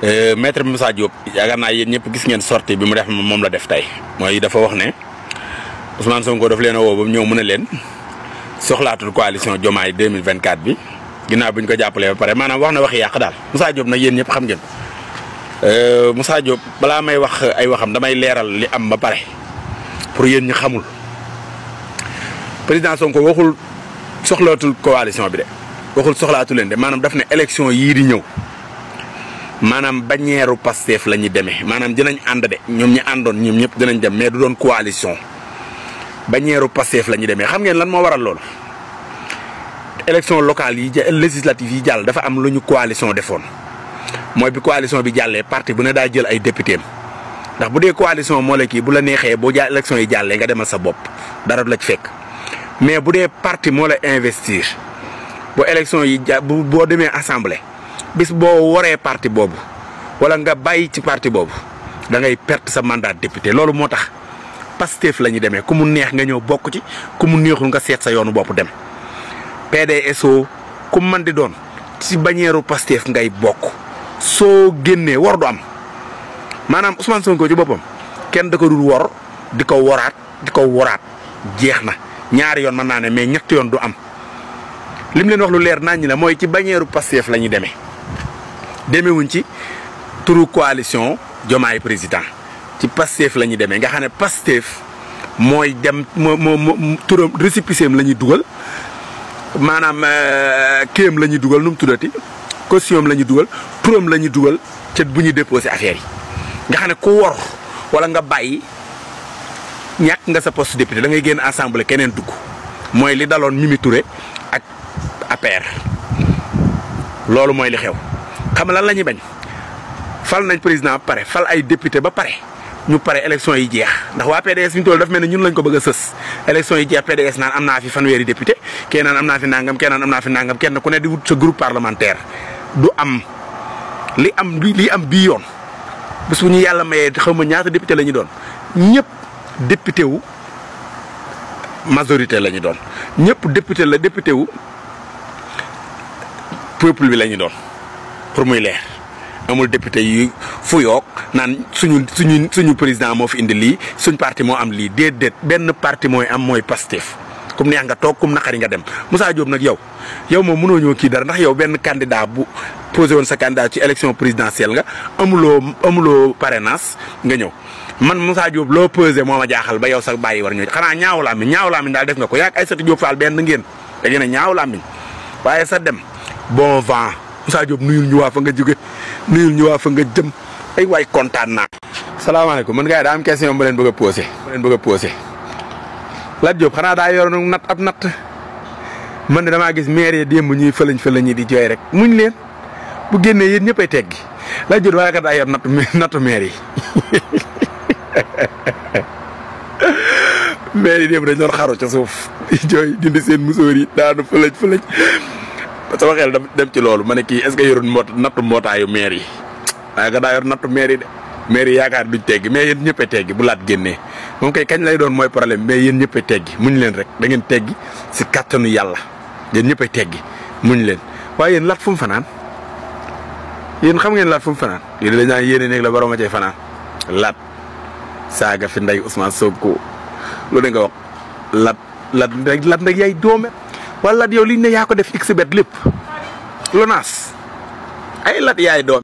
Euh, maître Moussa Diop yaakaar naa yéen ñëpp gis ngeen sortie bi mu def moom la def tey mooy dafa wax ne Ousmane Sonko daf leen a woo ba mu ñëw mën a leen soxlaatul coalition Diomaye 2024 bi ginnaaw bi ñu ko jàppalee ba pare maanaam na waxi yàq daal Moussa Diop yéen ñëpp xam ngeen euh, Moussa balaa may wax ay waxam damay leeral li am ba pare pour yéen ñi xamul président Sonko waxul soxlaatul coalition bi de waxul soxlaatu leen de maanaam daf ne élection yii di ñëw. manam bañeeru Pastef lañu démé manam dinañ ànd dé ñom ñi àndoon ñom ñëpp dinañ dem mais du doon coalition bañeeru Pastef lañu démé xam ngeen lan mo waral lool élection locale yi législative yi jall dafa am luñu ñu coalition defoon moy bi coalition bi jallé parti bu ne daa jël ay député ndax bu dee coalition mo la ki bu la nexé bo jall élection yi jallé nga demal sa bop dara la ci fekk mais bu dee parti mo la investir bu élection yi ja bu boo assemblée. bis bo woré parti bobu wala nga bayyi ci parti bobu da ngay perte sa mandat député loolu motax pastef lañu démé kumu neex nga ñëw bokku ci kumu neexu nga sét sa yoonu bopp dem PDSO kum man di doon ci bañeeru pastef ngay bokk so génné war du am manam Ousmane Sonko ci bopam kenn da ko dul wor diko worat diko worat jeexna ñaar yoon man na né mais ñett yoon du am lim leen wax lu leer nañ la moy ci pastef lañu démé demewuñ ci turu coalition jomaay président ci pastef la ñuy demee nga xam ne pastef mooy dem mo mo turam récipiceem la ñuy dugal maanaam euh, kéem la ñuy dugal nu mu tuddati caution la dugal turam la ñuy dugal chet bu ñuy déposé affaire yi nga xam ku wor wala nga bàyyi ñàkk nga sa poste député da ngay génn assemblée kenen dugg mooy li dalon mimi touré ak APR lolu moy li xew xam lan la ñuy bañ fal nañ président ba pare fal ay député ba pare ñu pare élection yi jeex ndax waa PDS fi ñu toll daf mel ne ñun lañ ko bëgg a sës élection yi jeex PDS naan am naa fi fanweeri député kenn naan am naa fi nangam kenn naan am naa fi nangam kenn ku ne di wut sa groupe parlementaire du am li am li am bii yoon bés bu ñu yàlla mayee xaw ma ñaata député la doon ñëpp député wu majorité la ñu doon ñëpp député la député wu peuple bi la ñu doon. pour muy leer amul député yu fu yoog naan suñu suñu président moo fi indi lii suñ parti moo am lii déedéet benn parti mooy am mooy Pastef kum neex nga toog kum naqari nga dem Moussa Diop nag yow yow moom mënoo ñëw kii dara ndax yow benn candidat bu posé woon sa candidat ci élection présidentielle nga amuloo amuloo parrainage nga ñëw. man Moussa Diop loo posé moom ma jaaxal ba yow sax bàyyi war ñu xanaa ñaaw làmmiñ ñaaw làmmiñ daal def nga ko yaag Aïssatou Diop Fall benn ngeen da ngeen ñaaw làmmiñ sa dem bon vent. Moussa Diop nuyul ñu waa nga jóge nuyul ñu waa jëm ay waay kontaan naa. salaamaaleykum mën gars yi daa am question bu leen bëgg a posé bu leen bëgg Lat Diop xanaa daa yoroon nat ab nat man de dama gis maire yi démb ñuy fëlañ fëlañ ñi di jooy rek muñ leen bu génnee yéen ñëppay teggi Lat Diop waaye kat daa yor nattu nattu maire yi démb dañ xaru ca di jooy dindi seen musóor yi daanu fëlañ fëlañ sama xel dem ci loolu ma ne est ce que yorul mot nattu mbootaayu maire yi waaye Mary daa yor nattu maire yi de maire yi yaakaar duñ teggi mais yéen ñëppee teggi bu laat génnee moom kay kañ lay doon problème mais muñ leen rek da ngeen teggi si kàttanu yalla, yéen ñëppee teggi muñ leen waaye yéen laat fu mu fanaan yéen xam ngeen laat fu mu fanaan yéen dañ naan yéene nekk la baroma cay fanaan laat saaga fi nday Ousmane Sonko lu ne nga wax wala yow liñ ne yaa ko def xbet lépp Lonase ay lat yaay doon